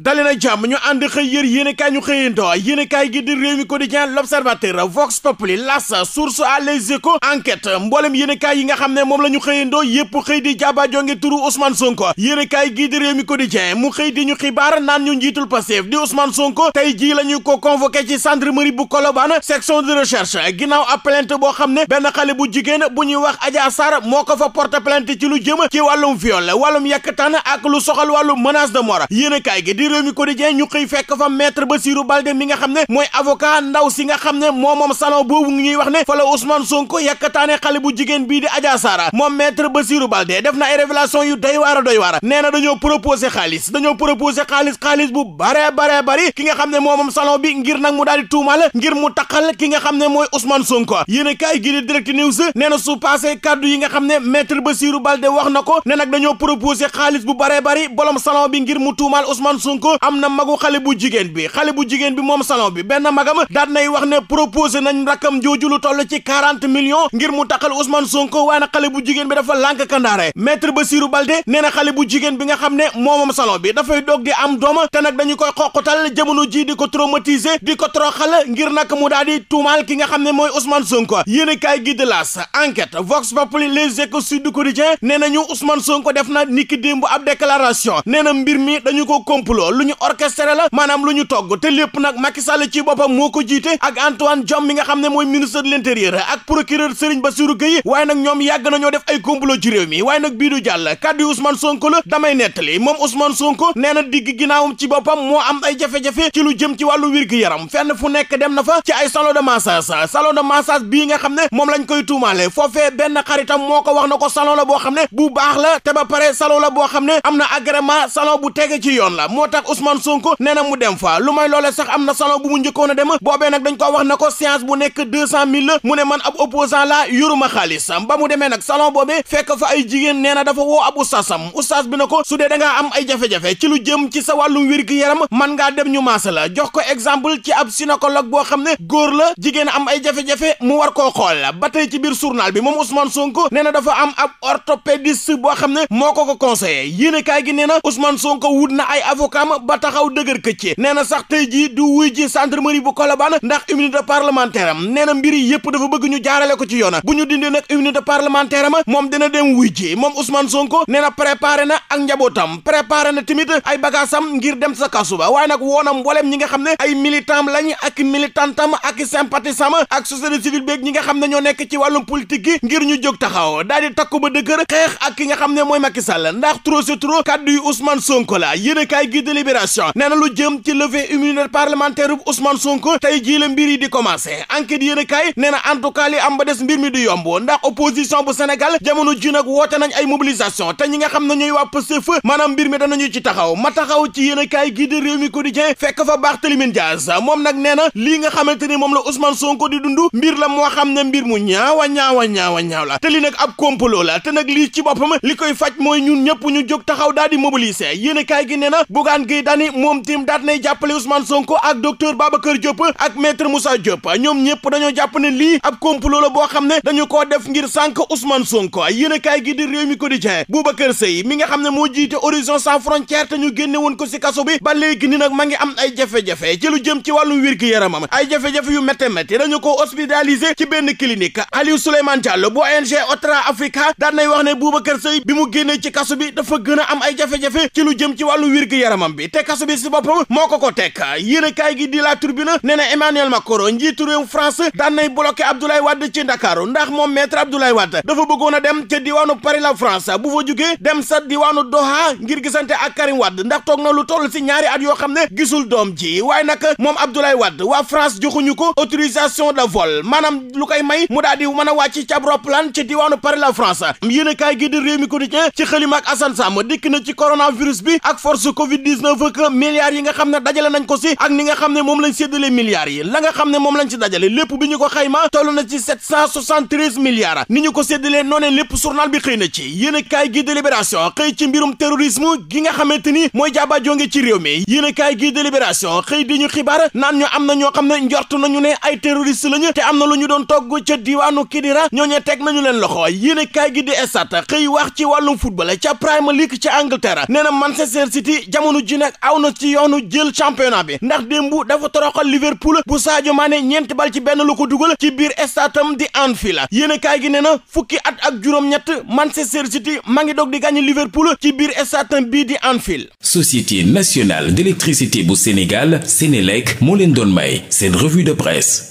dali na jàmm ñu ànd xëy yër ka ñu xëyandoo yéenekaay gi di Rewmi Quotidien L'Observateur Vox Populi L'As Source A Les Échos Enquête mboolem yéenekaay yi nga xam ne moom la ñu xëyandoo yépp xëy di jaaba jonge turu Ousmane Sonko yéenekaay gi di Rewmi Quotidien mu xëy di ñu xibaar naan ñu njiitul Pastef di son Sonko tey jii la ñu ko convoqué ci gendarmerie bu Colobane section de recherche ginnaaw ab plainte boo xam ne benn xale bu jigéen bu ñuy wax Adja Sarr moo ko fa porté ci lu jëm ci wàllum viol wàllum yàkkataan ak lu soxal wàllum menace de mort gi réew mi quotidien ñu xëy fekk fa maître Bassirou Baldé mi nga xam ne mooy avocat ndaw si nga xam ne moo moom salon boobu ñuy wax ne fa la Ousmane Sonko yàkkataane xale bu jigéen bii di Adja Sara moom maître Bassirou Baldé def na ay révélation yu doy waar a doy waar nee na dañoo proposé xaalis dañoo proposé xaalis xaalis bu bare bare bari ki nga xam ne moo moom salon bi ngir nag mu daal di tuumal ngir mu taqal ki nga xam ne mooy Ousmane Sonko yéen a kaay gi di direct news nee na su yi nga xam ne maître Bassirou Baldé wax na ko ne nag dañoo proposé bu bare bari bolom salon bi ngir mu Sonko am na magu xale bu jigéen bi xale bu jigéen bi moom salon bi benn magam daat nay wax ne proposé nañ rakkam jooju lu toll ci quarante millions ngir mu taxal Ousmane Sonko waaye na xale bu jigéen bi dafa lànk kandaare maître Bassirou Balde nee na xale bu jigéen bi nga xam ne moomam salon bi dafay doog di am doom te nag dañu koy xoqatal jamono ji di ko traumatiser di ko toroxal ngir nag mu daal di tuumaal ki nga xam ne mooy Ousmane Sonko yéen a kaay gi de las enquête Vox Populi Les Échos Sud Quotidien nee nañu Ousmane Sonko def na niki démb ab déclaration nee na mbir mi dañu ko complot complot lu ñu orchestré la maanaam lu ñu togg te lépp nag Macky Sall ci boppam moo ko jiite ak Antoine Diome mi nga xam ne mooy ministre de l'intérieur ak procureur Serigne Bassirou Gueye waaye nag ñoom yàgg nañoo def ay complot ci réew mi waaye nag bii du jàll kàddu Ousmane Sonko la damay nettali moom Ousmane Sonko nee na digg ginnaawam ci boppam moo am ay jafe-jafe ci lu jëm ci wàllu wér-gu-yaram fenn fu nekk dem na fa ci ay salon de massage salon de massage bii nga xam ne moom lañ koy tuumaale foofee benn xaritam moo ko wax na ko salon la boo xam ne bu baax la te ba pare salon la boo xam ne am na agrément salon bu tege ci la moo tax Ousmane Sonko nee na mu dem fa lu may loolee sax am na salon bu mu njëkkoon a dem boobee nag dañ ko wax na ko séance bu nekk deux cent mille la mu ne man mu demee nag salon boobee fekk fa ay jigéen nee na dafa woo ab oustasam oustas bi na ko su dee da ngaa am ay jafe ci lu jëm ci sa wàllum wér-gu-yaram man ngaa dem ñu maasa la jox ko exemple ci ab gynécologue boo xam ne góor la jigéen am ay jafe mu war koo xool ba tey ci biir journal bi moom Ousmane Sonko nee na dafa am ab orthopédiste boo xam ne moo ko ko conseillé yéen a kaay gi nee na Ousmane Sonko wut na ay avocat sàmm ba taxaw dëgër këccee nee na sax tey jii du wuy ji gendarmerie bu Colobane ndax immunité parlementaire am nee na mbiri yëpp dafa bëgg ñu jaarale ko ci yoona bu ñu dindee nag immunité parlementaire am moom dina dem wuy ji moom Ousmane Sonko nee na préparé na ak njabootam préparé na tamit ay bagaasam ngir dem sa kasu ba waaye nag woonam mbooleem ñi nga xam ne ay militant lañ ak militantam ak sympathisam ak société civile beeg ñi nga xam ne ñoo nekk ci wàllum politique gi ngir ñu jóg taxaw daal di takku ba dëgër ki nga xam ne mooy Macky Sall ndax trop c'est trop kàddu yu Ousmane la yéen a de Libération nee na lu jëm ci levée immunitaire parlementaire bu Ousmane Sonko tey jii la mbir yi di commencé enquête yéen a kaay na am ba des mbir mi di yomb ndax opposition bu Sénégal jamono ji nag woote nañ ay mobilisation te ñi nga xam ne ñooy waa Pastef maanaam mbir mi danañu ci taxaw ma taxaw ci yéen a kaay gii di réew mi quotidien fekk fa Barthélémy Dias moom nag nee lii nga xamante ni moom la Ousmane Sonko di dund mbir la moo xam ne mbir mu ñaawa ñaawa ñaawa ñaaw la te li nag ab complot li koy faj mooy ñun ñëpp ñu a Bougane Gueye moom tiim daat nay jàppale Ousmane Sonko ak docteur Babacar Diop ak maître Moussa Diop ñoom ñëpp dañoo jàpp ne lii ab complot la boo xam ne dañu koo def ngir sànk Ousmane Sonko yéen a kaay gi di réew mi quotidien Boubacar Seye mi nga xam ne moo jiite Horizon sans frontières te ñu génne woon ko si kaso bi ba léegi ni nag ma ngi am ay jafe-jafe ci lu jëm ci wàllum wér gi yaramam ay jafe yu métte métti dañu ko hospitalisé ci benn clinique Aliou Souleymane Diallo bu ONG Otra Africa daan nay wax ne Boubacar Seye bi mu génnee ci kaso bi dafa gën a am ay jafe-jafe lu jëm ci wàllu wér gi yaramam borom bi te kaso si boppam moo ko ko teg yéenekaay gi di La Tribune nee na Emmanuel Macron njiitu réew France daan nay bloqué Abdoulaye Wade ci Ndakaaru ndax moom maître Abdoulaye Wade dafa bëggoon a dem ca diwaanu Paris la France bu fa jugee dem sa diwaanu Doha ngir gisante ak Karim Wade ndax toog na lu toll si ñaari at yoo xam ne gisul doom ji waaye nag moom Abdoulaye Wade waa France joxuñu ko autorisation de vol maanaam lu koy may mu daal di mën a wàcc cab roplaan ci diwaanu Paris la France yéenekaay gi di bi ak force Covid 19. dix-neuf ak yi nga xam ne dajale nañ ko si ak ni nga xam ne moom lañ séddale milliards yi la nga xam ne moom lañ si dajale lépp bi ñu ko xayma toll na ci sept cent soixante-treize milliards ni ñu ko séddalee noonee lépp journal bi xëy na ci yéen a kaay gi délibération xëy ci mbirum terrorisme gi nga xamante ni mooy jaaba jonge ci réew mi yéen a kaay gi délibération xëy di ñu xibaar naan ñu am na ñoo xam ne njort nañu ne ay terroriste lañu te am na lu ñu doon togg ca diwaanu Kidira ñooñee teg nañu leen loxo yéen a kaay gi di estat xëy wax ci wàllum football ca Premier League ca Angleterre nee na Manchester City jamono ji nag aw na ci yoonu jël championnat bi ndax démb dafa toroxal Liverpool bu Sadio Mané ñeenti bal ci benn lu ko ci biir stade di Anfield yéen kaay gi nee na fukki at ak juróom-ñett Manchester City maa ngi dog di gagné Liverpool ci biir stade bii di Anfield. Société nationale d'électricité bu Sénégal Sénélec moo leen doon may seen revue de presse.